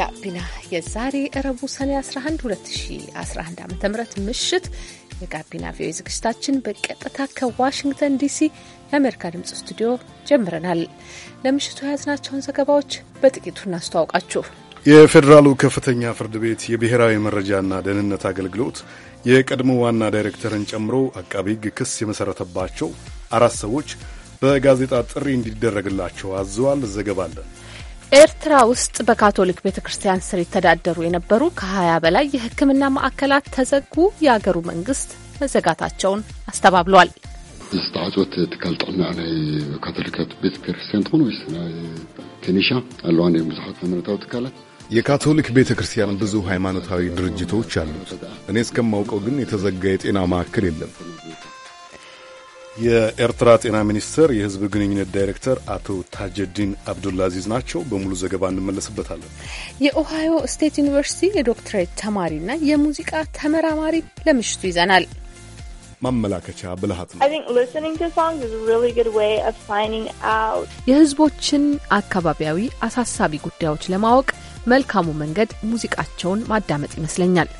ጋቢና የዛሬ እረቡ ሰኔ 11 2011 ዓ ም ምሽት የጋቢና ቪኦኤ ዝግጅታችን በቀጥታ ከዋሽንግተን ዲሲ የአሜሪካ ድምጽ ስቱዲዮ ጀምረናል። ለምሽቱ የያዝናቸውን ዘገባዎች በጥቂቱ እናስተዋውቃችሁ። የፌዴራሉ ከፍተኛ ፍርድ ቤት የብሔራዊ መረጃና ደህንነት አገልግሎት የቀድሞ ዋና ዳይሬክተርን ጨምሮ አቃቢ ሕግ ክስ የመሠረተባቸው አራት ሰዎች በጋዜጣ ጥሪ እንዲደረግላቸው አዘዋል። ዘገባ አለን። ኤርትራ ውስጥ በካቶሊክ ቤተ ክርስቲያን ስር የተዳደሩ የነበሩ ከ20 በላይ የሕክምና ማዕከላት ተዘጉ። የአገሩ መንግስት መዘጋታቸውን አስተባብሏል። ዝተዓፅወት ትካል ጥዕና ናይ ካቶሊካት ቤተ ክርስቲያን ትኾኑ ወይስ ናይ ቴኒሻ ኣለዋን እዮም ብዙሓት ሃይማኖታዊ ትካላት የካቶሊክ ቤተ ክርስቲያን ብዙ ሃይማኖታዊ ድርጅቶች አሉት። እኔ እስከማውቀው ግን የተዘጋ የጤና ማዕከል የለም። የኤርትራ ጤና ሚኒስቴር የህዝብ ግንኙነት ዳይሬክተር አቶ ታጀዲን አብዱልአዚዝ ናቸው። በሙሉ ዘገባ እንመለስበታለን። የኦሃዮ ስቴት ዩኒቨርሲቲ የዶክትሬት ተማሪና የሙዚቃ ተመራማሪ ለምሽቱ ይዘናል። ማመላከቻ ብልሃት ነው። አካባቢያዊ አሳሳቢ ጉዳዮች ለማወቅ መልካሙ መንገድ ሙዚቃቸውን ማዳመጥ ይመስለኛል።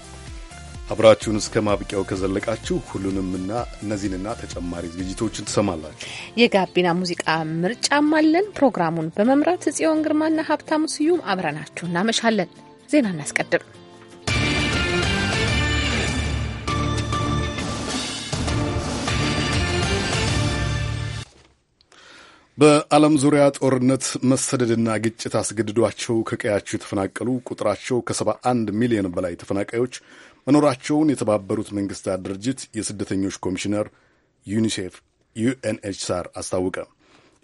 አብራችሁን እስከ ማብቂያው ከዘለቃችሁ ሁሉንምና እነዚህንና ተጨማሪ ዝግጅቶችን ትሰማላችሁ። የጋቢና ሙዚቃ ምርጫም አለን። ፕሮግራሙን በመምራት ጽዮን ግርማና ሀብታሙ ስዩም አብረናችሁ እናመሻለን። ዜና እናስቀድም። በዓለም ዙሪያ ጦርነት መሰደድና ግጭት አስገድዷቸው ከቀያቸው የተፈናቀሉ ቁጥራቸው ከ71 ሚሊዮን በላይ ተፈናቃዮች መኖራቸውን የተባበሩት መንግስታት ድርጅት የስደተኞች ኮሚሽነር ዩኒሴፍ ዩኤንኤችሲአር አስታወቀ።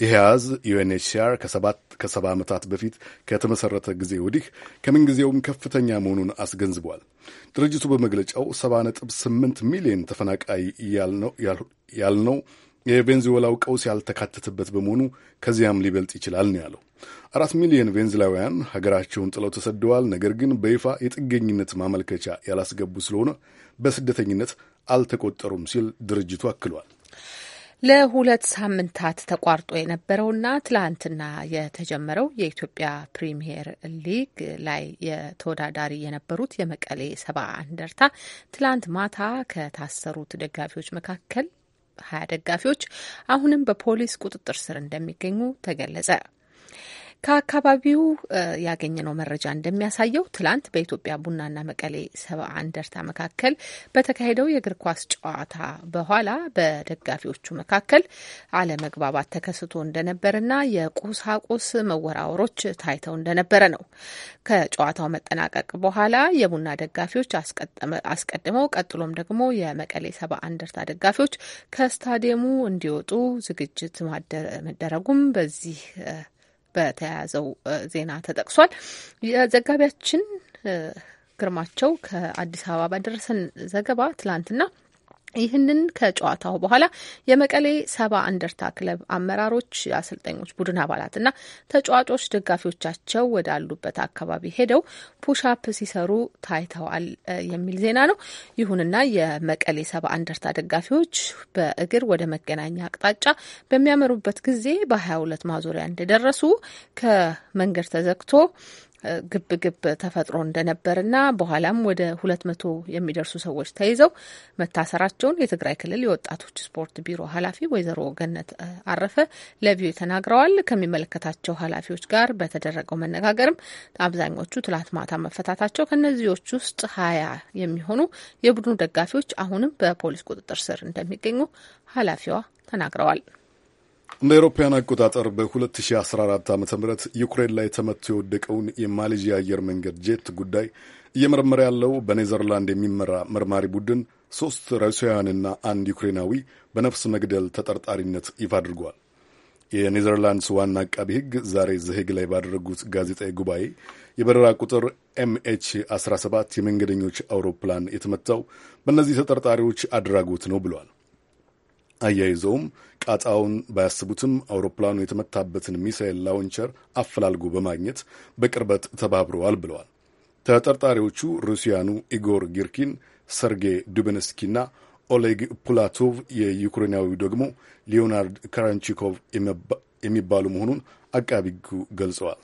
ይህ ያዝ ዩኤንኤችሲአር ከሰባት ከሰባ ዓመታት በፊት ከተመሠረተ ጊዜ ወዲህ ከምንጊዜውም ከፍተኛ መሆኑን አስገንዝቧል። ድርጅቱ በመግለጫው 78 ሚሊዮን ተፈናቃይ ያልነው የቬንዙዌላው ቀውስ ያልተካተተበት በመሆኑ ከዚያም ሊበልጥ ይችላል ነው ያለው። አራት ሚሊዮን ቬንዝላውያን ሀገራቸውን ጥለው ተሰደዋል። ነገር ግን በይፋ የጥገኝነት ማመልከቻ ያላስገቡ ስለሆነ በስደተኝነት አልተቆጠሩም ሲል ድርጅቱ አክሏል። ለሁለት ሳምንታት ተቋርጦ የነበረውና ትላንትና የተጀመረው የኢትዮጵያ ፕሪምየር ሊግ ላይ የተወዳዳሪ የነበሩት የመቀሌ ሰባ እንደርታ ትላንት ማታ ከታሰሩት ደጋፊዎች መካከል ሀያ ደጋፊዎች አሁንም በፖሊስ ቁጥጥር ስር እንደሚገኙ ተገለጸ። ከአካባቢው ያገኘነው መረጃ እንደሚያሳየው ትላንት በኢትዮጵያ ቡናና መቀሌ ሰባ እንደርታ መካከል በተካሄደው የእግር ኳስ ጨዋታ በኋላ በደጋፊዎቹ መካከል አለመግባባት ተከስቶ እንደነበረና የቁሳቁስ መወራወሮች ታይተው እንደነበረ ነው። ከጨዋታው መጠናቀቅ በኋላ የቡና ደጋፊዎች አስቀድመው ቀጥሎም ደግሞ የመቀሌ ሰባ እንደርታ ደጋፊዎች ከስታዲየሙ እንዲወጡ ዝግጅት መደረጉም በዚህ በተያያዘው ዜና ተጠቅሷል። የዘጋቢያችን ግርማቸው ከአዲስ አበባ ባደረሰን ዘገባ ትላንትና ይህንን ከጨዋታው በኋላ የመቀሌ ሰባ እንደርታ ክለብ አመራሮች፣ አሰልጣኞች ቡድን አባላትና ተጫዋቾች ደጋፊዎቻቸው ወዳሉበት አካባቢ ሄደው ፑሻፕ ሲሰሩ ታይተዋል የሚል ዜና ነው። ይሁንና የመቀሌ ሰባ እንደርታ ደጋፊዎች በእግር ወደ መገናኛ አቅጣጫ በሚያመሩበት ጊዜ በ22 ማዞሪያ እንደደረሱ ከመንገድ ተዘግቶ ግብ ግብ ተፈጥሮ እንደነበርና በኋላም ወደ ሁለት መቶ የሚደርሱ ሰዎች ተይዘው መታሰራቸውን የትግራይ ክልል የወጣቶች ስፖርት ቢሮ ኃላፊ ወይዘሮ ገነት አረፈ ለቪኦኤ ተናግረዋል። ከሚመለከታቸው ኃላፊዎች ጋር በተደረገው መነጋገርም አብዛኞቹ ትላንት ማታ መፈታታቸው፣ ከእነዚዎች ውስጥ ሀያ የሚሆኑ የቡድኑ ደጋፊዎች አሁንም በፖሊስ ቁጥጥር ስር እንደሚገኙ ኃላፊዋ ተናግረዋል። እንደ አውሮፓውያን አቆጣጠር በ2014 ዓ ም ዩክሬን ላይ ተመቶ የወደቀውን የማሌዥያ አየር መንገድ ጄት ጉዳይ እየመረመረ ያለው በኔዘርላንድ የሚመራ መርማሪ ቡድን ሦስት ሩሲያውያንና አንድ ዩክሬናዊ በነፍስ መግደል ተጠርጣሪነት ይፋ አድርጓል። የኔዘርላንድስ ዋና አቃቢ ሕግ ዛሬ ዘሄግ ላይ ባደረጉት ጋዜጣዊ ጉባኤ የበረራ ቁጥር ኤምኤች 17 የመንገደኞች አውሮፕላን የተመታው በእነዚህ ተጠርጣሪዎች አድራጎት ነው ብሏል። አያይዘውም ጣጣውን ባያስቡትም አውሮፕላኑ የተመታበትን ሚሳኤል ላውንቸር አፈላልጎ በማግኘት በቅርበት ተባብረዋል ብለዋል። ተጠርጣሪዎቹ ሩሲያኑ ኢጎር ጊርኪን፣ ሰርጌይ ዱበንስኪና ኦሌግ ፑላቶቭ፣ የዩክሬናዊ ደግሞ ሊዮናርድ ካራንቺኮቭ የሚባሉ መሆኑን አቃቢ ሕጉ ገልጸዋል።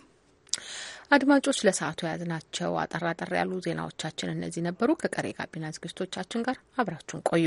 አድማጮች ለሰዓቱ የያዝናቸው አጠር አጠር ያሉ ዜናዎቻችን እነዚህ ነበሩ። ከቀሪ ጋቢና ዝግጅቶቻችን ጋር አብራችሁን ቆዩ።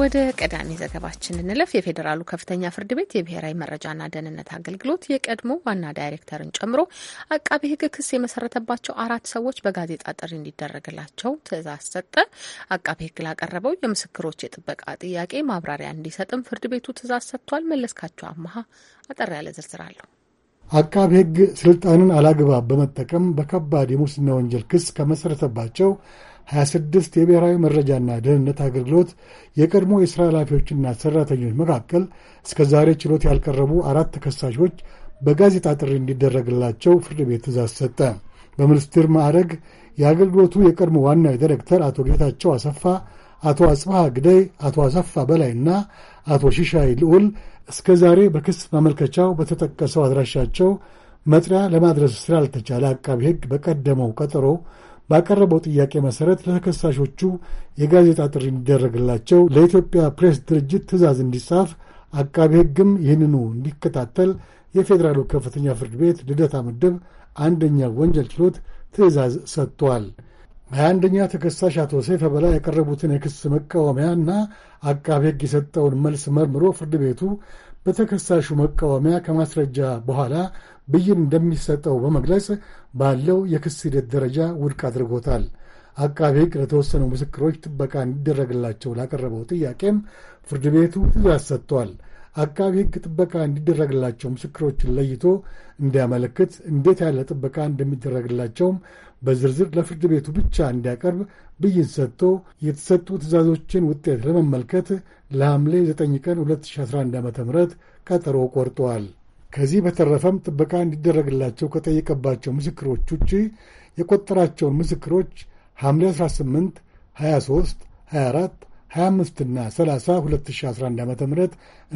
ወደ ቀዳሚ ዘገባችን እንለፍ። የፌዴራሉ ከፍተኛ ፍርድ ቤት የብሔራዊ መረጃና ደህንነት አገልግሎት የቀድሞ ዋና ዳይሬክተርን ጨምሮ አቃቢ ሕግ ክስ የመሰረተባቸው አራት ሰዎች በጋዜጣ ጥሪ እንዲደረግላቸው ትዕዛዝ ሰጠ። አቃቢ ሕግ ላቀረበው የምስክሮች የጥበቃ ጥያቄ ማብራሪያ እንዲሰጥም ፍርድ ቤቱ ትዕዛዝ ሰጥቷል። መለስካቸው አመሀ አጠር ያለ ዝርዝር አለሁ። አቃቢ ሕግ ስልጣንን አላግባብ በመጠቀም በከባድ የሙስና ወንጀል ክስ ከመሰረተባቸው 26 የብሔራዊ መረጃና ደህንነት አገልግሎት የቀድሞ የሥራ ኃላፊዎችና ሠራተኞች መካከል እስከ ዛሬ ችሎት ያልቀረቡ አራት ተከሳሾች በጋዜጣ ጥሪ እንዲደረግላቸው ፍርድ ቤት ትእዛዝ ሰጠ። በሚኒስትር ማዕረግ የአገልግሎቱ የቀድሞ ዋና ዲሬክተር አቶ ጌታቸው አሰፋ፣ አቶ አጽባሃ ግደይ፣ አቶ አሰፋ በላይና አቶ ሽሻይ ልዑል እስከ ዛሬ በክስ ማመልከቻው በተጠቀሰው አድራሻቸው መጥሪያ ለማድረስ ስላልተቻለ አቃቢ ሕግ በቀደመው ቀጠሮ ባቀረበው ጥያቄ መሠረት ለተከሳሾቹ የጋዜጣ ጥሪ እንዲደረግላቸው ለኢትዮጵያ ፕሬስ ድርጅት ትዕዛዝ እንዲጻፍ አቃቢ ሕግም ይህንኑ እንዲከታተል የፌዴራሉ ከፍተኛ ፍርድ ቤት ልደታ ምድብ አንደኛ ወንጀል ችሎት ትዕዛዝ ሰጥቷል። በአንደኛ አንደኛ ተከሳሽ አቶ ሰይፈ በላይ የቀረቡትን የክስ መቃወሚያና አቃቢ ሕግ የሰጠውን መልስ መርምሮ ፍርድ ቤቱ በተከሳሹ መቃወሚያ ከማስረጃ በኋላ ብይን እንደሚሰጠው በመግለጽ ባለው የክስ ሂደት ደረጃ ውድቅ አድርጎታል። አቃቢ ሕግ ለተወሰኑ ምስክሮች ጥበቃ እንዲደረግላቸው ላቀረበው ጥያቄም ፍርድ ቤቱ ትእዛዝ ሰጥቷል። አቃቢ ሕግ ጥበቃ እንዲደረግላቸው ምስክሮችን ለይቶ እንዲያመለክት፣ እንዴት ያለ ጥበቃ እንደሚደረግላቸውም በዝርዝር ለፍርድ ቤቱ ብቻ እንዲያቀርብ ብይን ሰጥቶ የተሰጡ ትዕዛዞችን ውጤት ለመመልከት ለሐምሌ 9 ቀን 2011 ዓ ም ቀጠሮ ቆርጠዋል። ከዚህ በተረፈም ጥበቃ እንዲደረግላቸው ከጠየቀባቸው ምስክሮች ውጪ የቆጠራቸውን ምስክሮች ሐምሌ 18፣ 23፣ 24 25 እና 30 2011 ዓ ም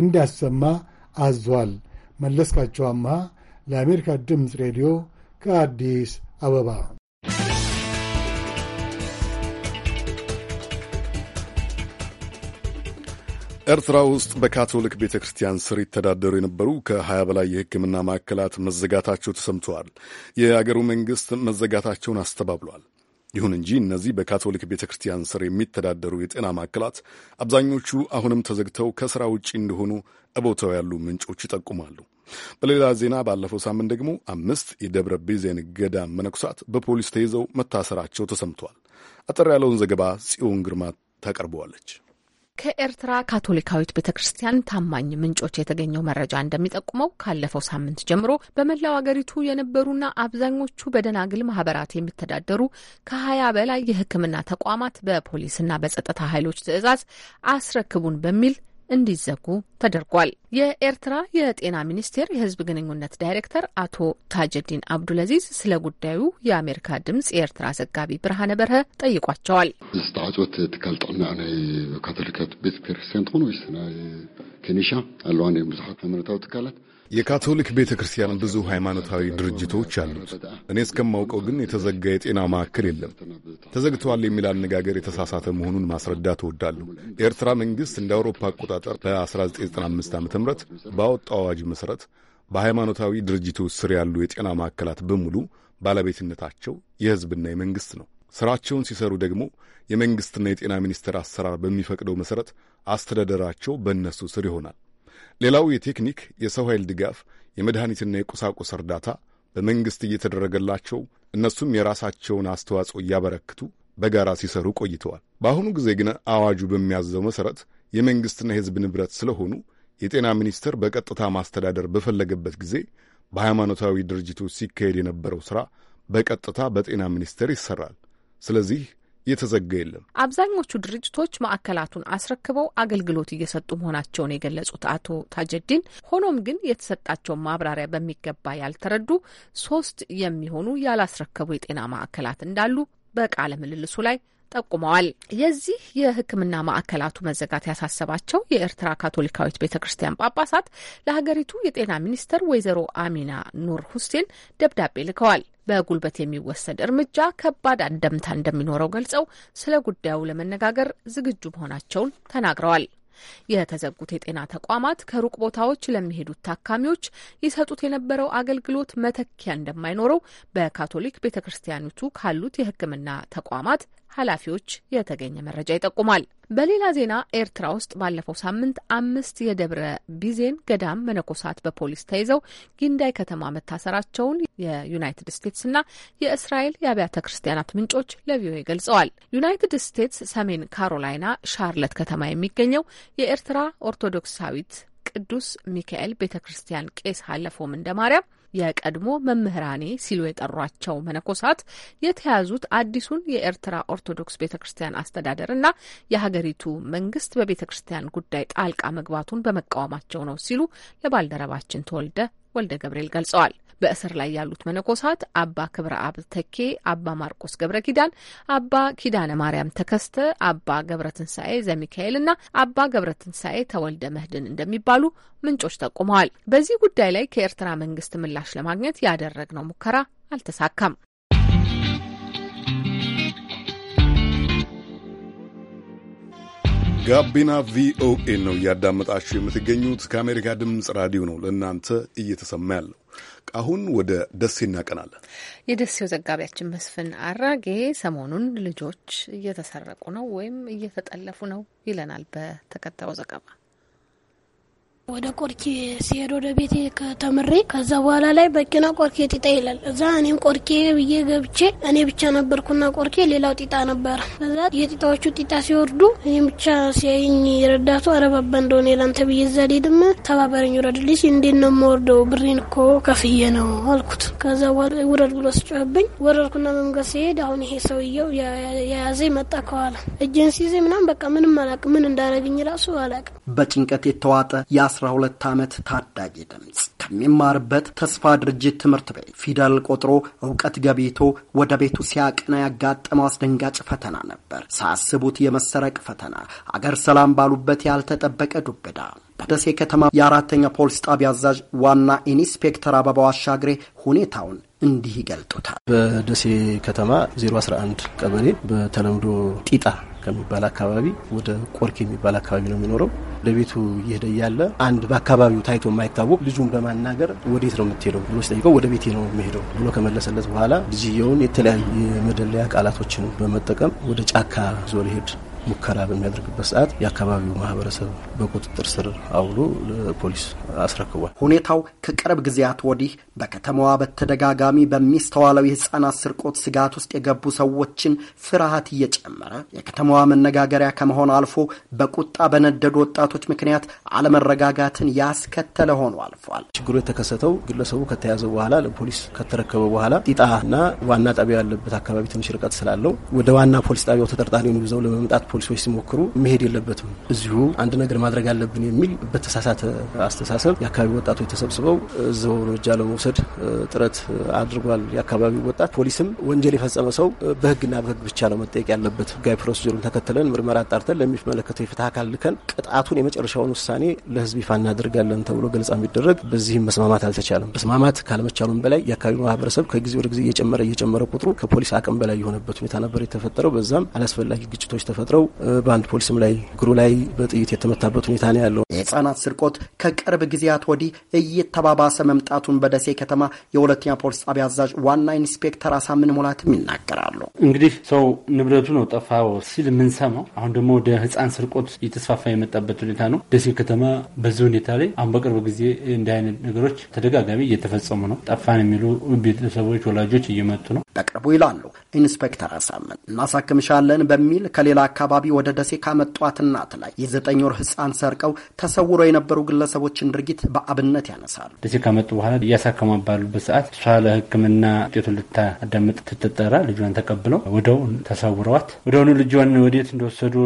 እንዲያሰማ አዟል። መለስካቸው አምሃ ለአሜሪካ ድምፅ ሬዲዮ ከአዲስ አበባ ኤርትራ ውስጥ በካቶሊክ ቤተ ክርስቲያን ስር ይተዳደሩ የነበሩ ከ20 በላይ የሕክምና ማዕከላት መዘጋታቸው ተሰምተዋል። የአገሩ መንግሥት መዘጋታቸውን አስተባብሏል። ይሁን እንጂ እነዚህ በካቶሊክ ቤተ ክርስቲያን ስር የሚተዳደሩ የጤና ማዕከላት አብዛኞቹ አሁንም ተዘግተው ከሥራ ውጪ እንደሆኑ እቦታው ያሉ ምንጮች ይጠቁማሉ። በሌላ ዜና ባለፈው ሳምንት ደግሞ አምስት የደብረ ቤዜን ገዳም መነኩሳት በፖሊስ ተይዘው መታሰራቸው ተሰምቷል። አጠር ያለውን ዘገባ ጽዮን ግርማ ታቀርበዋለች። ከኤርትራ ካቶሊካዊት ቤተ ክርስቲያን ታማኝ ምንጮች የተገኘው መረጃ እንደሚጠቁመው ካለፈው ሳምንት ጀምሮ በመላው አገሪቱ የነበሩና አብዛኞቹ በደናግል ማህበራት የሚተዳደሩ ከሀያ በላይ የሕክምና ተቋማት በፖሊስና በጸጥታ ኃይሎች ትዕዛዝ አስረክቡን በሚል እንዲዘጉ ተደርጓል። የኤርትራ የጤና ሚኒስቴር የህዝብ ግንኙነት ዳይሬክተር አቶ ታጀዲን አብዱልአዚዝ ስለ ጉዳዩ የአሜሪካ ድምጽ የኤርትራ ዘጋቢ ብርሃነ በርሀ ጠይቋቸዋል። ዝተዓፅወት ትካል ጥዕና ናይ ካቶሊካት ቤተክርስቲያን ክርስቲያን ትኾኑ ወይስ ናይ ኬኒሻ ኣለዋ ብዙሓት ሃይማኖታዊ ትካላት የካቶሊክ ቤተ ክርስቲያን ብዙ ሃይማኖታዊ ድርጅቶች አሉት። እኔ እስከማውቀው ግን የተዘጋ የጤና ማዕከል የለም። ተዘግተዋል የሚል አነጋገር የተሳሳተ መሆኑን ማስረዳት እወዳለሁ። የኤርትራ መንግሥት እንደ አውሮፓ አቆጣጠር በ1995 ዓ ም ባወጣው አዋጅ መሠረት በሃይማኖታዊ ድርጅቶች ስር ያሉ የጤና ማዕከላት በሙሉ ባለቤትነታቸው የሕዝብና የመንግሥት ነው። ሥራቸውን ሲሰሩ ደግሞ የመንግሥትና የጤና ሚኒስቴር አሰራር በሚፈቅደው መሠረት አስተዳደራቸው በእነሱ ስር ይሆናል። ሌላው የቴክኒክ የሰው ኃይል ድጋፍ፣ የመድኃኒትና የቁሳቁስ እርዳታ በመንግሥት እየተደረገላቸው እነሱም የራሳቸውን አስተዋጽኦ እያበረክቱ በጋራ ሲሰሩ ቆይተዋል። በአሁኑ ጊዜ ግን አዋጁ በሚያዘው መሠረት የመንግሥትና የሕዝብ ንብረት ስለሆኑ የጤና ሚኒስቴር በቀጥታ ማስተዳደር በፈለገበት ጊዜ በሃይማኖታዊ ድርጅቶች ሲካሄድ የነበረው ሥራ በቀጥታ በጤና ሚኒስቴር ይሠራል። ስለዚህ የተዘጋ የለም። አብዛኞቹ ድርጅቶች ማዕከላቱን አስረክበው አገልግሎት እየሰጡ መሆናቸውን የገለጹት አቶ ታጀዲን፣ ሆኖም ግን የተሰጣቸውን ማብራሪያ በሚገባ ያልተረዱ ሶስት የሚሆኑ ያላስረከቡ የጤና ማዕከላት እንዳሉ በቃለ ምልልሱ ላይ ጠቁመዋል። የዚህ የሕክምና ማዕከላቱ መዘጋት ያሳሰባቸው የኤርትራ ካቶሊካዊት ቤተ ክርስቲያን ጳጳሳት ለሀገሪቱ የጤና ሚኒስትር ወይዘሮ አሚና ኑር ሁሴን ደብዳቤ ልከዋል። በጉልበት የሚወሰድ እርምጃ ከባድ አንደምታ እንደሚኖረው ገልጸው ስለ ጉዳዩ ለመነጋገር ዝግጁ መሆናቸውን ተናግረዋል። የተዘጉት የጤና ተቋማት ከሩቅ ቦታዎች ለሚሄዱት ታካሚዎች ይሰጡት የነበረው አገልግሎት መተኪያ እንደማይኖረው በካቶሊክ ቤተ ክርስቲያኒቱ ካሉት የሕክምና ተቋማት ኃላፊዎች የተገኘ መረጃ ይጠቁማል። በሌላ ዜና ኤርትራ ውስጥ ባለፈው ሳምንት አምስት የደብረ ቢዜን ገዳም መነኮሳት በፖሊስ ተይዘው ጊንዳይ ከተማ መታሰራቸውን የዩናይትድ እና የእስራኤል የአብያተ ክርስቲያናት ምንጮች ለቪኦኤ ገልጸዋል። ዩናይትድ ስቴትስ ሰሜን ካሮላይና ሻርለት ከተማ የሚገኘው የኤርትራ ኦርቶዶክሳዊት ቅዱስ ሚካኤል ቤተ ክርስቲያን ቄስ ሀለፎም እንደ ማርያም የቀድሞ መምህራኔ ሲሉ የጠሯቸው መነኮሳት የተያዙት አዲሱን የኤርትራ ኦርቶዶክስ ቤተ ክርስቲያን እና የሀገሪቱ መንግስት በቤተ ክርስቲያን ጉዳይ ጣልቃ መግባቱን በመቃወማቸው ነው ሲሉ ለባልደረባችን ተወልደ ወልደ ገብርኤል ገልጸዋል። በእስር ላይ ያሉት መነኮሳት አባ ክብረ አብ ተኬ፣ አባ ማርቆስ ገብረ ኪዳን፣ አባ ኪዳነ ማርያም ተከስተ፣ አባ ገብረ ትንሣኤ ዘሚካኤል እና አባ ገብረ ትንሣኤ ተወልደ መህድን እንደሚባሉ ምንጮች ጠቁመዋል። በዚህ ጉዳይ ላይ ከኤርትራ መንግስት ምላሽ ለማግኘት ያደረግነው ሙከራ አልተሳካም። ጋቢና ቪኦኤ ነው እያዳመጣችሁ የምትገኙት። ከአሜሪካ ድምፅ ራዲዮ ነው ለእናንተ እየተሰማ ያለው። አሁን ወደ ደሴ እናቀናለን። የደሴው ዘጋቢያችን መስፍን አራጌ ሰሞኑን ልጆች እየተሰረቁ ነው ወይም እየተጠለፉ ነው ይለናል በተከታዩ ዘገባ ወደ ቆርኬ ሲሄድ ወደ ቤቴ ከተምሬ ከዛ በኋላ ላይ በኪና ቆርኬ ጢጣ ይላል። እዛ እኔም ቆርኬ ብዬ ገብቼ እኔ ብቻ ነበርኩና ቆርኬ፣ ሌላው ጢጣ ነበር። ከዛ የጢጣዎቹ ጢጣ ሲወርዱ እኔም ብቻ ሲያይኝ ረዳቱ አረባባ እንደሆነ የላንተ ብዬ እዛ ሊድም ተባበረኝ፣ ውረድልኝ። እንዴት ነው የምወርደው? ብሬን እኮ ከፍዬ ነው አልኩት። ከዛ በኋላ ውረድ ብሎ ስጮህብኝ ወረድኩና መምገር ሲሄድ አሁን ይሄ ሰውየው የያዘ መጣ ከኋላ እጅን ሲይዘ ምናም በቃ ምንም አላቅ ምን እንዳረግኝ ራሱ አላቅ በጭንቀት የተዋጠ የ ሁለት ዓመት ታዳጊ ድምፅ ከሚማርበት ተስፋ ድርጅት ትምህርት ቤት ፊደል ቆጥሮ እውቀት ገቢቶ ወደ ቤቱ ሲያቅና ያጋጠመው አስደንጋጭ ፈተና ነበር። ሳስቡት የመሰረቅ ፈተና፣ አገር ሰላም ባሉበት ያልተጠበቀ ዱብዳ። በደሴ ከተማ የአራተኛ ፖሊስ ጣቢያ አዛዥ ዋና ኢንስፔክተር አበባው አሻግሬ ሁኔታውን እንዲህ ይገልጡታል። በደሴ ከተማ 011 ቀበሌ በተለምዶ ጢጣ ከሚባል አካባቢ ወደ ቆርክ የሚባል አካባቢ ነው የሚኖረው። ወደ ቤቱ እየሄደ እያለ አንድ በአካባቢው ታይቶ የማይታወቅ ልጁን በማናገር ወዴት ነው የምትሄደው ብሎ ሲጠይቀው ወደ ቤቴ ነው የሚሄደው ብሎ ከመለሰለት በኋላ ልጅየውን የተለያዩ የመደለያ ቃላቶችን በመጠቀም ወደ ጫካ ዞር ሄድ ሙከራ በሚያደርግበት ሰዓት የአካባቢው ማህበረሰብ በቁጥጥር ስር አውሎ ለፖሊስ አስረክቧል። ሁኔታው ከቅርብ ጊዜያት ወዲህ በከተማዋ በተደጋጋሚ በሚስተዋለው የህፃናት ስርቆት ስጋት ውስጥ የገቡ ሰዎችን ፍርሃት እየጨመረ የከተማዋ መነጋገሪያ ከመሆን አልፎ በቁጣ በነደዱ ወጣቶች ምክንያት አለመረጋጋትን ያስከተለ ሆኖ አልፏል። ችግሩ የተከሰተው ግለሰቡ ከተያዘ በኋላ ለፖሊስ ከተረከበ በኋላ ጢጣና ዋና ጣቢያ ያለበት አካባቢ ትንሽ ርቀት ስላለው ወደ ዋና ፖሊስ ጣቢያው ተጠርጣሪውን ይዘው ለመምጣት ፖሊሶች ሲሞክሩ መሄድ የለበትም እዚሁ አንድ ነገር ማድረግ አለብን የሚል በተሳሳተ አስተሳሰብ የአካባቢ ወጣቶች ተሰብስበው እዛው እርምጃ ለመውሰድ ጥረት አድርጓል። የአካባቢው ወጣት ፖሊስም ወንጀል የፈጸመ ሰው በህግና በህግ ብቻ ነው መጠየቅ ያለበት። ህጋዊ ፕሮሲጀሩን ተከትለን ምርመራ አጣርተን ለሚመለከተው የፍትህ አካል ልከን ቅጣቱን የመጨረሻውን ውሳኔ ለህዝብ ይፋ እናደርጋለን ተብሎ ገልጻ የሚደረግ በዚህም መስማማት አልተቻለም። መስማማት ካለመቻሉም በላይ የአካባቢው ማህበረሰብ ከጊዜ ወደ ጊዜ እየጨመረ እየጨመረ ቁጥሩ ከፖሊስ አቅም በላይ የሆነበት ሁኔታ ነበር የተፈጠረው። በዛም አላስፈላጊ ግጭቶች ተፈጥረው ነው። በአንድ ፖሊስም ላይ እግሩ ላይ በጥይት የተመታበት ሁኔታ ነው ያለው። የህጻናት ስርቆት ከቅርብ ጊዜያት ወዲህ እየተባባሰ መምጣቱን በደሴ ከተማ የሁለተኛ ፖሊስ ጣቢያ አዛዥ ዋና ኢንስፔክተር አሳምን ሙላትም ይናገራሉ። እንግዲህ ሰው ንብረቱ ነው ጠፋው ሲል የምንሰማው አሁን ደግሞ ወደ ህጻን ስርቆት እየተስፋፋ የመጣበት ሁኔታ ነው። ደሴ ከተማ በዚህ ሁኔታ ላይ አሁን በቅርብ ጊዜ እንዲህ አይነት ነገሮች ተደጋጋሚ እየተፈጸሙ ነው። ጠፋን የሚሉ ቤተሰቦች፣ ወላጆች እየመጡ ነው። በቅርቡ ይላሉ ኢንስፔክተር አሳምን። እናሳክምሻለን በሚል ከሌላ አካባቢ ወደ ደሴ ካመጧት እናት ላይ የዘጠኝ ወር ህፃን ሰርቀው ተሰውረው የነበሩ ግለሰቦችን ድርጊት በአብነት ያነሳሉ። ደሴ ካመጡ በኋላ እያሳከሟ ባሉበት ሰዓት እሷ ለህክምና ውጤቱን ልታዳምጥ ስትጠራ ልጇን ተቀብለው ወደው ተሰውረዋት፣ ወደሆኑ ልጇን ወዴት እንደወሰዱ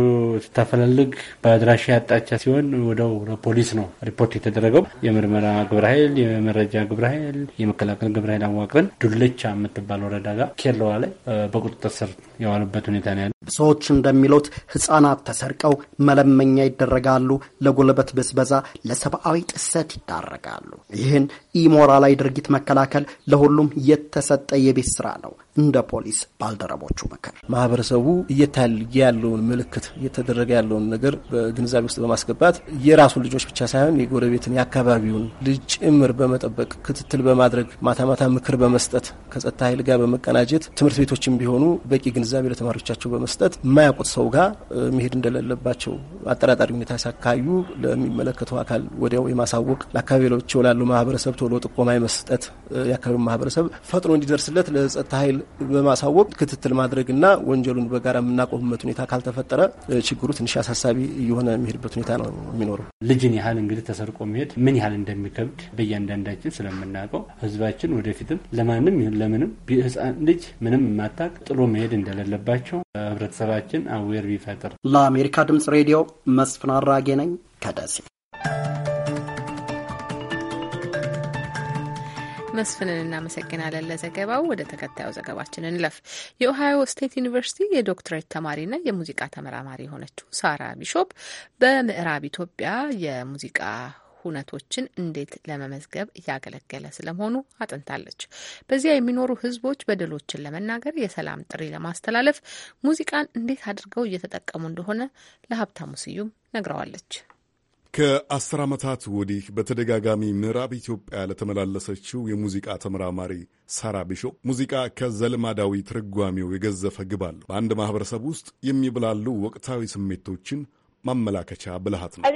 ስታፈላልግ በአድራሻ ያጣቻ ሲሆን ወደው ለፖሊስ ነው ሪፖርት የተደረገው። የምርመራ ግብረ ኃይል፣ የመረጃ ግብረ ኃይል፣ የመከላከል ግብረ ኃይል አዋቅረን ዱለቻ የምትባል ወረዳ ጋር ኬለዋ ላይ በቁጥጥር ስር የዋሉበት ሁኔታ ነው ያለ። ሰዎች እንደሚሉት ህጻናት ተሰርቀው መለመኛ ይደረጋሉ፣ ለጉልበት ብዝበዛ፣ ለሰብአዊ ጥሰት ይዳረጋሉ። ይህን ኢሞራላዊ ድርጊት መከላከል ለሁሉም የተሰጠ የቤት ስራ ነው። እንደ ፖሊስ ባልደረቦቹ ምክር ማህበረሰቡ እየታየ ያለውን ምልክት እየተደረገ ያለውን ነገር በግንዛቤ ውስጥ በማስገባት የራሱን ልጆች ብቻ ሳይሆን የጎረቤትን የአካባቢውን ልጅ ጭምር በመጠበቅ ክትትል በማድረግ ማታ ማታ ምክር በመስጠት ከጸጥታ ኃይል ጋር በመ በማቀናጀት ትምህርት ቤቶችም ቢሆኑ በቂ ግንዛቤ ለተማሪዎቻቸው በመስጠት የማያውቁት ሰው ጋር መሄድ እንደሌለባቸው አጠራጣሪ ሁኔታ ሲያካዩ ለሚመለከተው አካል ወዲያው የማሳወቅ ለአካባቢዎቸው ላሉ ማህበረሰብ ቶሎ ጥቆማ የመስጠት የአካባቢው ማህበረሰብ ፈጥኖ እንዲደርስለት ለጸጥታ ኃይል በማሳወቅ ክትትል ማድረግና ወንጀሉን በጋራ የምናቆምበት ሁኔታ ካልተፈጠረ ችግሩ ትንሽ አሳሳቢ እየሆነ የሚሄድበት ሁኔታ ነው የሚኖረው። ልጅን ያህል እንግዲህ ተሰርቆ መሄድ ምን ያህል እንደሚከብድ በእያንዳንዳችን ስለምናውቀው ህዝባችን ወደፊትም ለማንም ይሁን ለምንም ልጅ ምንም የማታቅ ጥሎ መሄድ እንደሌለባቸው ህብረተሰባችን አዌር ቢፈጥር። ለአሜሪካ ድምጽ ሬዲዮ መስፍን አራጌ ነኝ ከደሴ። መስፍንን እናመሰግናለን ለዘገባው። ወደ ተከታዩ ዘገባችን እንለፍ። የኦሃዮ ስቴት ዩኒቨርሲቲ የዶክትሬት ተማሪና የሙዚቃ ተመራማሪ የሆነችው ሳራ ቢሾፕ በምዕራብ ኢትዮጵያ የሙዚቃ ሁነቶችን እንዴት ለመመዝገብ እያገለገለ ስለመሆኑ አጥንታለች። በዚያ የሚኖሩ ህዝቦች በደሎችን ለመናገር፣ የሰላም ጥሪ ለማስተላለፍ ሙዚቃን እንዴት አድርገው እየተጠቀሙ እንደሆነ ለሀብታሙ ስዩም ነግረዋለች። ከአስር ዓመታት ወዲህ በተደጋጋሚ ምዕራብ ኢትዮጵያ ለተመላለሰችው የሙዚቃ ተመራማሪ ሳራ ቢሾ ሙዚቃ ከዘልማዳዊ ትርጓሜው የገዘፈ ግብ አለው። በአንድ ማህበረሰብ ውስጥ የሚብላሉ ወቅታዊ ስሜቶችን ማመላከቻ ብልሃት ነው።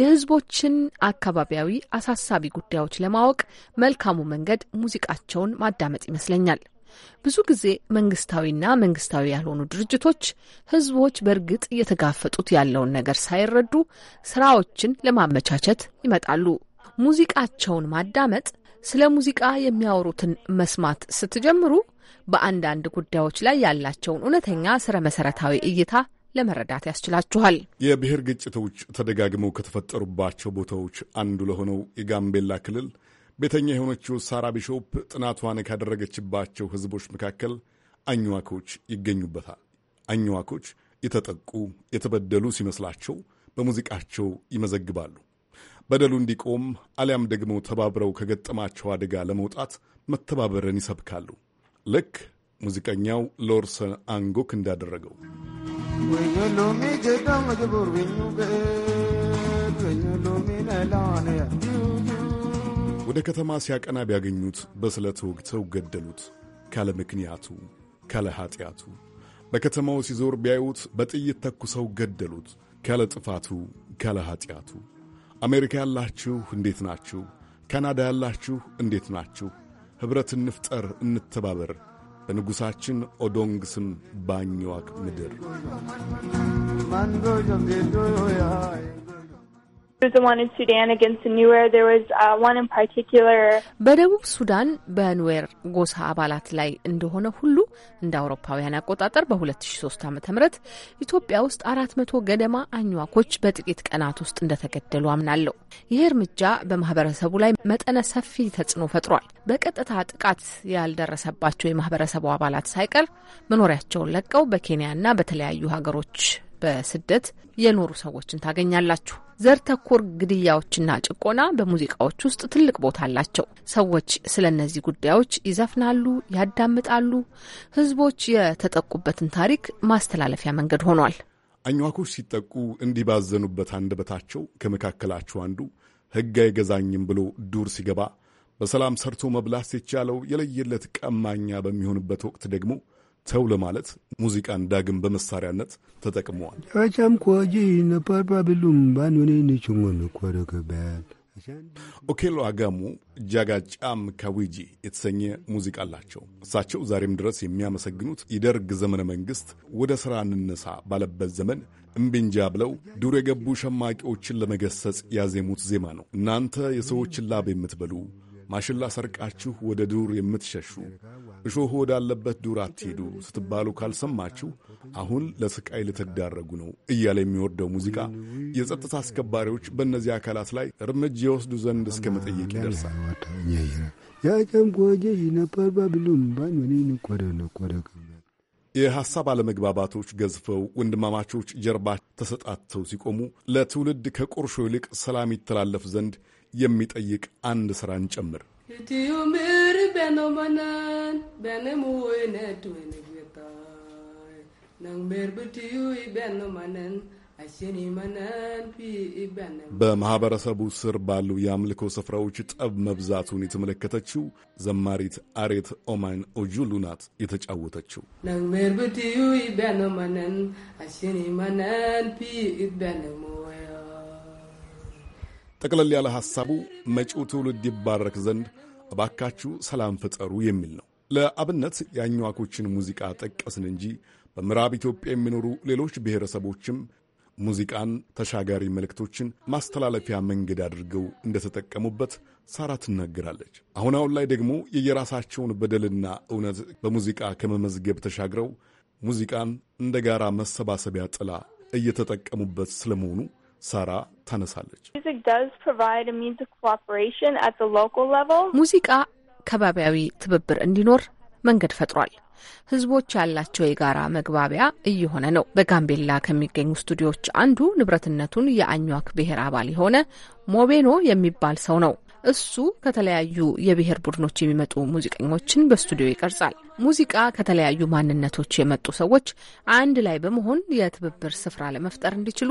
የህዝቦችን አካባቢያዊ አሳሳቢ ጉዳዮች ለማወቅ መልካሙ መንገድ ሙዚቃቸውን ማዳመጥ ይመስለኛል። ብዙ ጊዜ መንግስታዊና መንግስታዊ ያልሆኑ ድርጅቶች ህዝቦች በእርግጥ እየተጋፈጡት ያለውን ነገር ሳይረዱ ስራዎችን ለማመቻቸት ይመጣሉ። ሙዚቃቸውን ማዳመጥ ስለ ሙዚቃ የሚያወሩትን መስማት ስትጀምሩ በአንዳንድ ጉዳዮች ላይ ያላቸውን እውነተኛ ስረ መሰረታዊ እይታ ለመረዳት ያስችላችኋል። የብሔር ግጭቶች ተደጋግመው ከተፈጠሩባቸው ቦታዎች አንዱ ለሆነው የጋምቤላ ክልል ቤተኛ የሆነችው ሳራ ቢሾፕ ጥናቷን ካደረገችባቸው ህዝቦች መካከል አኝዋኮች ይገኙበታል። አኝዋኮች የተጠቁ የተበደሉ ሲመስላቸው በሙዚቃቸው ይመዘግባሉ። በደሉ እንዲቆም አሊያም ደግሞ ተባብረው ከገጠማቸው አደጋ ለመውጣት መተባበርን ይሰብካሉ። ልክ ሙዚቀኛው ሎርሰ አንጎክ እንዳደረገው ወደ ከተማ ሲያቀና ቢያገኙት በስለት ወግተው ገደሉት። ካለ ምክንያቱ ካለ ኃጢአቱ በከተማው ሲዞር ቢያዩት በጥይት ተኩሰው ገደሉት። ካለ ጥፋቱ ካለ ኃጢአቱ አሜሪካ ያላችሁ እንዴት ናችሁ? ካናዳ ያላችሁ እንዴት ናችሁ? ኅብረት እንፍጠር፣ እንተባበር። በንጉሣችን ኦዶንግ ስም ባኝዋክ ምድር በደቡብ ሱዳን በኑዌር ጎሳ አባላት ላይ እንደሆነ ሁሉ እንደ አውሮፓውያን አቆጣጠር በ2003 ዓ ም ኢትዮጵያ ውስጥ 400 ገደማ አኟኮች በጥቂት ቀናት ውስጥ እንደተገደሉ አምናለሁ። ይህ እርምጃ በማህበረሰቡ ላይ መጠነ ሰፊ ተጽዕኖ ፈጥሯል። በቀጥታ ጥቃት ያልደረሰባቸው የማህበረሰቡ አባላት ሳይቀር መኖሪያቸውን ለቀው በኬንያና በተለያዩ ሀገሮች በስደት የኖሩ ሰዎችን ታገኛላችሁ። ዘር ተኮር ግድያዎችና ጭቆና በሙዚቃዎች ውስጥ ትልቅ ቦታ አላቸው። ሰዎች ስለ እነዚህ ጉዳዮች ይዘፍናሉ፣ ያዳምጣሉ። ህዝቦች የተጠቁበትን ታሪክ ማስተላለፊያ መንገድ ሆኗል። አኟኮች ሲጠቁ እንዲህ ባዘኑበት አንደበታቸው ከመካከላቸው አንዱ ሕግ አይገዛኝም ብሎ ዱር ሲገባ በሰላም ሰርቶ መብላት ሲቻለው የለየለት ቀማኛ በሚሆንበት ወቅት ደግሞ ተው ለማለት ሙዚቃን ዳግም በመሳሪያነት ተጠቅመዋል። ኦኬሎ አጋሙ ጃጋ ጫም ካዊጂ የተሰኘ ሙዚቃ አላቸው። እሳቸው ዛሬም ድረስ የሚያመሰግኑት የደርግ ዘመነ መንግሥት ወደ ሥራ እንነሳ ባለበት ዘመን እምቢንጃ ብለው ዱር የገቡ ሸማቂዎችን ለመገሰጽ ያዜሙት ዜማ ነው። እናንተ የሰዎችን ላብ የምትበሉ ማሽላ ሰርቃችሁ ወደ ዱር የምትሸሹ እሾህ ወዳለበት ዱር አትሄዱ ስትባሉ ካልሰማችሁ አሁን ለስቃይ ልትዳረጉ ነው እያለ የሚወርደው ሙዚቃ የጸጥታ አስከባሪዎች በእነዚህ አካላት ላይ እርምጃ የወስዱ ዘንድ እስከ መጠየቅ ይደርሳል። የሐሳብ አለመግባባቶች ገዝፈው ወንድማማቾች ጀርባ ተሰጣተው ሲቆሙ ለትውልድ ከቁርሾ ይልቅ ሰላም ይተላለፍ ዘንድ የሚጠይቅ አንድ ስራን ጨምር በማኅበረሰቡ ስር ባሉ የአምልኮ ስፍራዎች ጠብ መብዛቱን የተመለከተችው ዘማሪት አሬት ኦማን ኦጁሉ ናት የተጫወተችው። ነግሜር ብትዩ ይበኖ ማነን አሽኒ ማነን ፒ ይበነሞ ጠቅለል ያለ ሐሳቡ መጪው ትውልድ ይባረክ ዘንድ እባካችሁ ሰላም ፍጠሩ የሚል ነው። ለአብነት የአኝዋኮችን ሙዚቃ ጠቀስን እንጂ በምዕራብ ኢትዮጵያ የሚኖሩ ሌሎች ብሔረሰቦችም ሙዚቃን ተሻጋሪ መልእክቶችን ማስተላለፊያ መንገድ አድርገው እንደተጠቀሙበት ሳራ ትናገራለች። አሁን አሁን ላይ ደግሞ የየራሳቸውን በደልና እውነት በሙዚቃ ከመመዝገብ ተሻግረው ሙዚቃን እንደ ጋራ መሰባሰቢያ ጥላ እየተጠቀሙበት ስለመሆኑ ሳራ ታነሳለች። ሙዚቃ ከባቢያዊ ትብብር እንዲኖር መንገድ ፈጥሯል። ህዝቦች ያላቸው የጋራ መግባቢያ እየሆነ ነው። በጋምቤላ ከሚገኙ ስቱዲዮዎች አንዱ ንብረትነቱን የአኟክ ብሔር አባል የሆነ ሞቤኖ የሚባል ሰው ነው። እሱ ከተለያዩ የብሔር ቡድኖች የሚመጡ ሙዚቀኞችን በስቱዲዮ ይቀርጻል። ሙዚቃ ከተለያዩ ማንነቶች የመጡ ሰዎች አንድ ላይ በመሆን የትብብር ስፍራ ለመፍጠር እንዲችሉ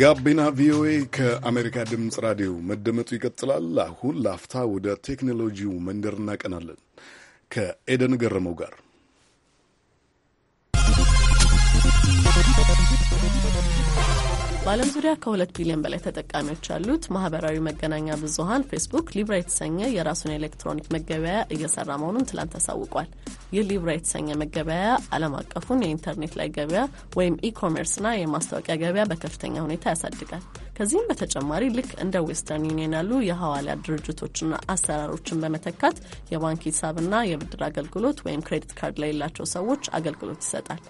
ጋቢና ቪኦኤ ከአሜሪካ ድምፅ ራዲዮ መደመጡ ይቀጥላል። አሁን ላፍታ ወደ ቴክኖሎጂው መንደር እናቀናለን ከኤደን ገረመው ጋር በዓለም ዙሪያ ከሁለት ቢሊዮን በላይ ተጠቃሚዎች ያሉት ማህበራዊ መገናኛ ብዙሀን ፌስቡክ ሊብራ የተሰኘ የራሱን ኤሌክትሮኒክ መገበያያ እየሰራ መሆኑን ትላንት ታሳውቋል። ይህ ሊብራ የተሰኘ መገበያያ ዓለም አቀፉን የኢንተርኔት ላይ ገበያ ወይም ኢኮሜርስና የማስታወቂያ ገበያ በከፍተኛ ሁኔታ ያሳድጋል። ከዚህም በተጨማሪ ልክ እንደ ዌስተርን ዩኒየን ያሉ የሐዋላ ድርጅቶችና አሰራሮችን በመተካት የባንክ ሂሳብና የብድር አገልግሎት ወይም ክሬዲት ካርድ ለሌላቸው ሰዎች አገልግሎት ይሰጣል።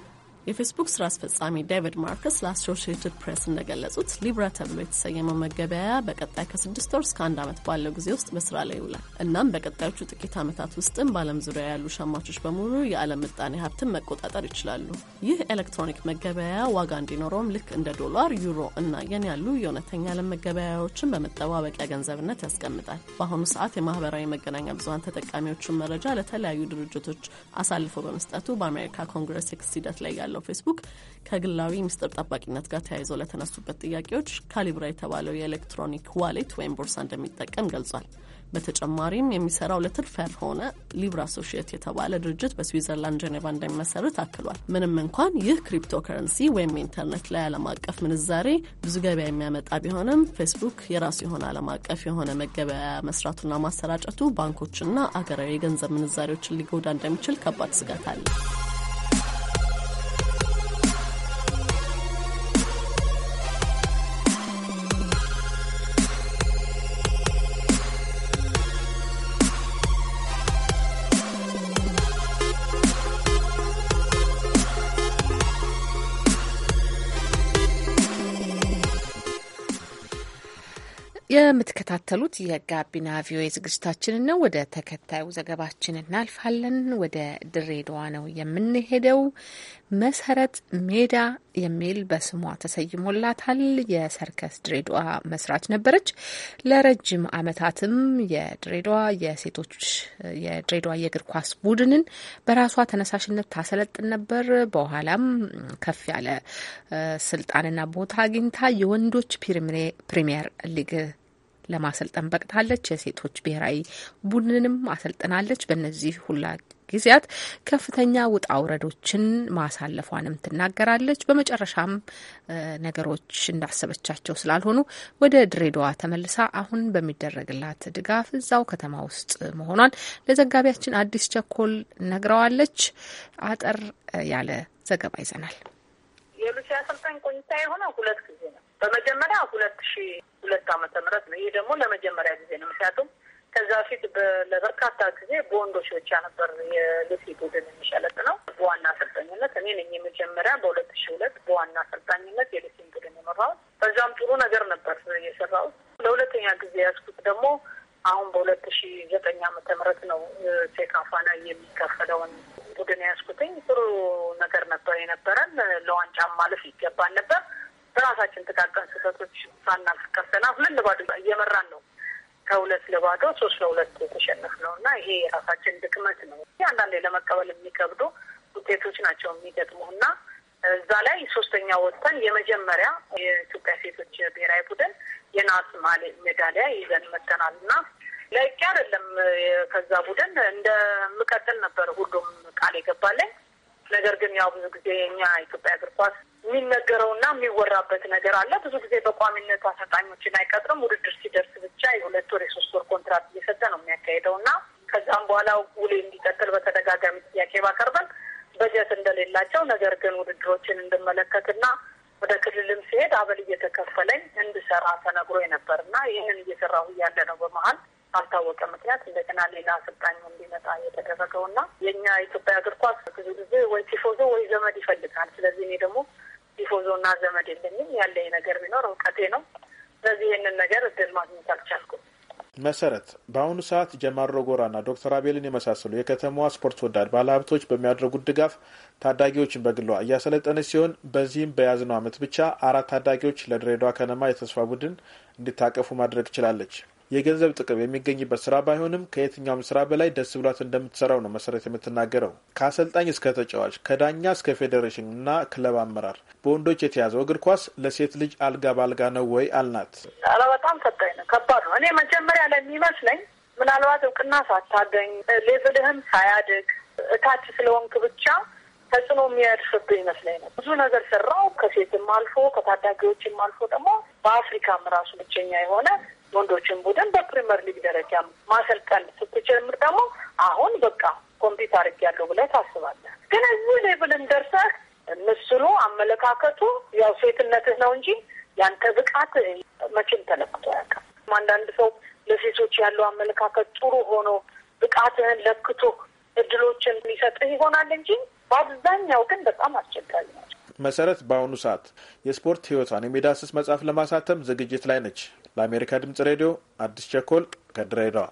የፌስቡክ ስራ አስፈጻሚ ዴቪድ ማርክስ ለአሶሽትድ ፕሬስ እንደገለጹት ሊብራ ተብሎ የተሰየመው መገበያያ በቀጣይ ከስድስት ወር እስከ አንድ ዓመት ባለው ጊዜ ውስጥ በስራ ላይ ይውላል። እናም በቀጣዮቹ ጥቂት ዓመታት ውስጥም በዓለም ዙሪያ ያሉ ሸማቾች በሙሉ የዓለም ምጣኔ ሀብትን መቆጣጠር ይችላሉ። ይህ ኤሌክትሮኒክ መገበያያ ዋጋ እንዲኖረውም ልክ እንደ ዶላር፣ ዩሮ እና የን ያሉ የእውነተኛ ዓለም መገበያያዎችን በመጠባበቂያ ገንዘብነት ያስቀምጣል። በአሁኑ ሰዓት የማህበራዊ መገናኛ ብዙሀን ተጠቃሚዎቹን መረጃ ለተለያዩ ድርጅቶች አሳልፎ በመስጠቱ በአሜሪካ ኮንግረስ ክስ ሂደት ላይ ያለ ያለው ፌስቡክ ከግላዊ ምስጢር ጠባቂነት ጋር ተያይዘው ለተነሱበት ጥያቄዎች ካሊብራ የተባለው የኤሌክትሮኒክ ዋሌት ወይም ቦርሳ እንደሚጠቀም ገልጿል። በተጨማሪም የሚሰራው ለትርፍ ያልሆነ ሊብራ አሶሽት የተባለ ድርጅት በስዊዘርላንድ ጀኔቫ እንደሚመሰርት አክሏል። ምንም እንኳን ይህ ክሪፕቶ ከረንሲ ወይም ኢንተርኔት ላይ ዓለም አቀፍ ምንዛሬ ብዙ ገበያ የሚያመጣ ቢሆንም ፌስቡክ የራሱ የሆነ ዓለም አቀፍ የሆነ መገበያያ መስራቱና ማሰራጨቱ ባንኮችና አገራዊ የገንዘብ ምንዛሬዎችን ሊጎዳ እንደሚችል ከባድ ስጋት አለ። የምትከታተሉት የጋቢና ቪኦኤ ዝግጅታችንን ነው። ወደ ተከታዩ ዘገባችን እናልፋለን። ወደ ድሬዳዋ ነው የምንሄደው። መሰረት ሜዳ የሚል በስሟ ተሰይሞላታል። የሰርከስ ድሬዳዋ መስራች ነበረች። ለረጅም ዓመታትም የድሬዳዋ የሴቶች የድሬዳዋ የእግር ኳስ ቡድንን በራሷ ተነሳሽነት ታሰለጥን ነበር። በኋላም ከፍ ያለ ስልጣንና ቦታ አግኝታ የወንዶች ፕሪሚየር ሊግ ለማሰልጠን በቅታለች። የሴቶች ብሔራዊ ቡድንንም አሰልጥናለች። በእነዚህ ሁላ ጊዜያት ከፍተኛ ውጣ ውረዶችን ማሳለፏንም ትናገራለች። በመጨረሻም ነገሮች እንዳሰበቻቸው ስላልሆኑ ወደ ድሬዳዋ ተመልሳ አሁን በሚደረግላት ድጋፍ እዛው ከተማ ውስጥ መሆኗን ለዘጋቢያችን አዲስ ቸኮል ነግረዋለች። አጠር ያለ ዘገባ ይዘናል። የሉሲ አሰልጣኝ ቆይታ የሆነ ሁለት ጊዜ ነው በመጀመሪያ ሁለት ሺ ሁለት ዓመተ ምህረት ነው። ይህ ደግሞ ለመጀመሪያ ጊዜ ነው። ምክንያቱም ከዛ በፊት ለበርካታ ጊዜ በወንዶች ብቻ ነበር የልፊ ቡድን የሚሸለጥ ነው። በዋና አሰልጣኝነት እኔ ነኝ የመጀመሪያ በሁለት ሺ ሁለት በዋና አሰልጣኝነት የልፊን ቡድን የመራው። በዛም ጥሩ ነገር ነበር የሰራሁት። ለሁለተኛ ጊዜ ያዝኩት ደግሞ አሁን በሁለት ሺ ዘጠኝ ዓመተ ምህረት ነው ሴካፋና የሚከፈለውን ቡድን ያዝኩትኝ። ጥሩ ነገር ነበር የነበረን። ለዋንጫ ማለፍ ይገባል ነበር በራሳችን ጥቃቅን ስህተቶች ሳናልፍ ቀርተናል። ሁለት ለባዶ እየመራን ነው ከሁለት ለባዶ ሶስት ለሁለት የተሸነፍ ነው እና ይሄ የራሳችን ድክመት ነው። አንዳንዴ ለመቀበል የሚከብዱ ውጤቶች ናቸው የሚገጥሙ እና እዛ ላይ ሶስተኛ ወጥተን የመጀመሪያ የኢትዮጵያ ሴቶች ብሔራዊ ቡድን የናስ ሜዳሊያ ይዘን መጥተናል እና ለቂ አይደለም ከዛ ቡድን እንደምቀጥል ነበር ሁሉም ቃል የገባለኝ። ነገር ግን ያው ብዙ ጊዜ የኛ ኢትዮጵያ እግር ኳስ የሚነገረውና የሚወራበት ነገር አለ። ብዙ ጊዜ በቋሚነት አሰልጣኞችን አይቀጥርም። ውድድር ሲደርስ ብቻ የሁለት ወር የሶስት ወር ኮንትራት እየሰጠ ነው የሚያካሄደው እና ከዛም በኋላ ውሌ እንዲቀጥል በተደጋጋሚ ጥያቄ ባቀርበን በጀት እንደሌላቸው ነገር ግን ውድድሮችን እንድመለከትና ወደ ክልልም ሲሄድ አበል እየተከፈለኝ እንድሰራ ተነግሮ ነበር እና ይህንን እየሰራሁ እያለ ነው በመሀል ባልታወቀ ምክንያት እንደገና ሌላ አሰልጣኝ እንዲመጣ የተደረገው እና የእኛ ኢትዮጵያ እግር ኳስ ብዙ ጊዜ ወይ ቲፎዞ ወይ ዘመድ ይፈልጋል። ስለዚህ እኔ ደግሞ ዲፎዞና ዘመድ የለኝም። ያለኝ ነገር ቢኖር እውቀቴ ነው። ስለዚህ ይህንን ነገር እድል ማግኘት አልቻልኩም። መሰረት በአሁኑ ሰዓት ጀማሮ ጎራና ዶክተር አቤልን የመሳሰሉ የከተማዋ ስፖርት ወዳድ ባለሀብቶች በሚያደርጉት ድጋፍ ታዳጊዎችን በግሏ እያሰለጠነች ሲሆን በዚህም በያዝነው ዓመት ብቻ አራት ታዳጊዎች ለድሬዳዋ ከነማ የተስፋ ቡድን እንዲታቀፉ ማድረግ ችላለች። የገንዘብ ጥቅም የሚገኝበት ስራ ባይሆንም ከየትኛውም ስራ በላይ ደስ ብሏት እንደምትሰራው ነው መሰረት የምትናገረው። ከአሰልጣኝ እስከ ተጫዋች፣ ከዳኛ እስከ ፌዴሬሽን እና ክለብ አመራር በወንዶች የተያዘው እግር ኳስ ለሴት ልጅ አልጋ ባልጋ ነው ወይ አልናት። ኧረ በጣም ከባድ ነው፣ ከባድ ነው። እኔ መጀመሪያ ለሚመስለኝ ምናልባት እውቅና ሳታገኝ ሌቭልህም ሳያድግ እታች ስለሆንክ ብቻ ተጽዕኖ የሚያደርስብህ ይመስለኝ ነው። ብዙ ነገር ሰራው። ከሴትም አልፎ ከታዳጊዎችም አልፎ ደግሞ በአፍሪካም ራሱ ብቸኛ የሆነ ወንዶችን ቡድን በፕሪምየር ሊግ ደረጃ ማሰልጠን ስትጀምር ደግሞ አሁን በቃ ኮምፒት አድርጌያለሁ ብለህ ታስባለህ። ግን እዚህ ሌብልን ደርሰህ ምስሉ አመለካከቱ ያው ሴትነትህ ነው እንጂ ያንተ ብቃት መቼም ተለክቶ አያውቅም። አንዳንድ ሰው ለሴቶች ያለው አመለካከት ጥሩ ሆኖ ብቃትህን ለክቶ እድሎችን የሚሰጥህ ይሆናል እንጂ በአብዛኛው ግን በጣም አስቸጋሪ ናቸው። መሰረት በአሁኑ ሰዓት የስፖርት ህይወቷን የሚዳስስ መጽሐፍ ለማሳተም ዝግጅት ላይ ነች። ለአሜሪካ ድምጽ ሬዲዮ አዲስ ቸኮል ከድሬዳዋ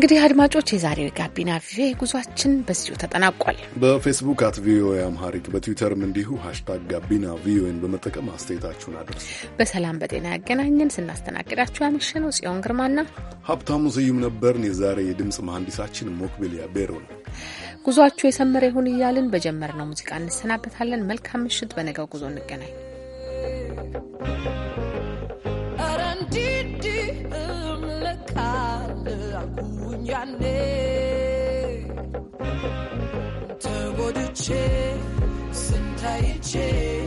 እንግዲህ አድማጮች የዛሬው የጋቢና ቪኦኤ ጉዟችን በዚሁ ተጠናቋል። በፌስቡክ አት ቪኦኤ አምሃሪክ በትዊተርም እንዲሁ ሀሽታግ ጋቢና ቪኦኤን በመጠቀም አስተያየታችሁን አድርሱ። በሰላም በጤና ያገናኘን። ስናስተናግዳችሁ ያመሸነው ጽዮን ግርማና ሀብታሙ ስዩም ነበርን። የዛሬ የድምፅ መሐንዲሳችን ሞክቢሊያ ቤሮ ነው። ጉዟችሁ የሰመረ ይሁን እያልን በጀመርነው ሙዚቃ እንሰናበታለን። መልካም ምሽት። በነገው ጉዞ እንገናኝ። ነበርኩኝ ያኔ ተጎድቼ ስንታይቼ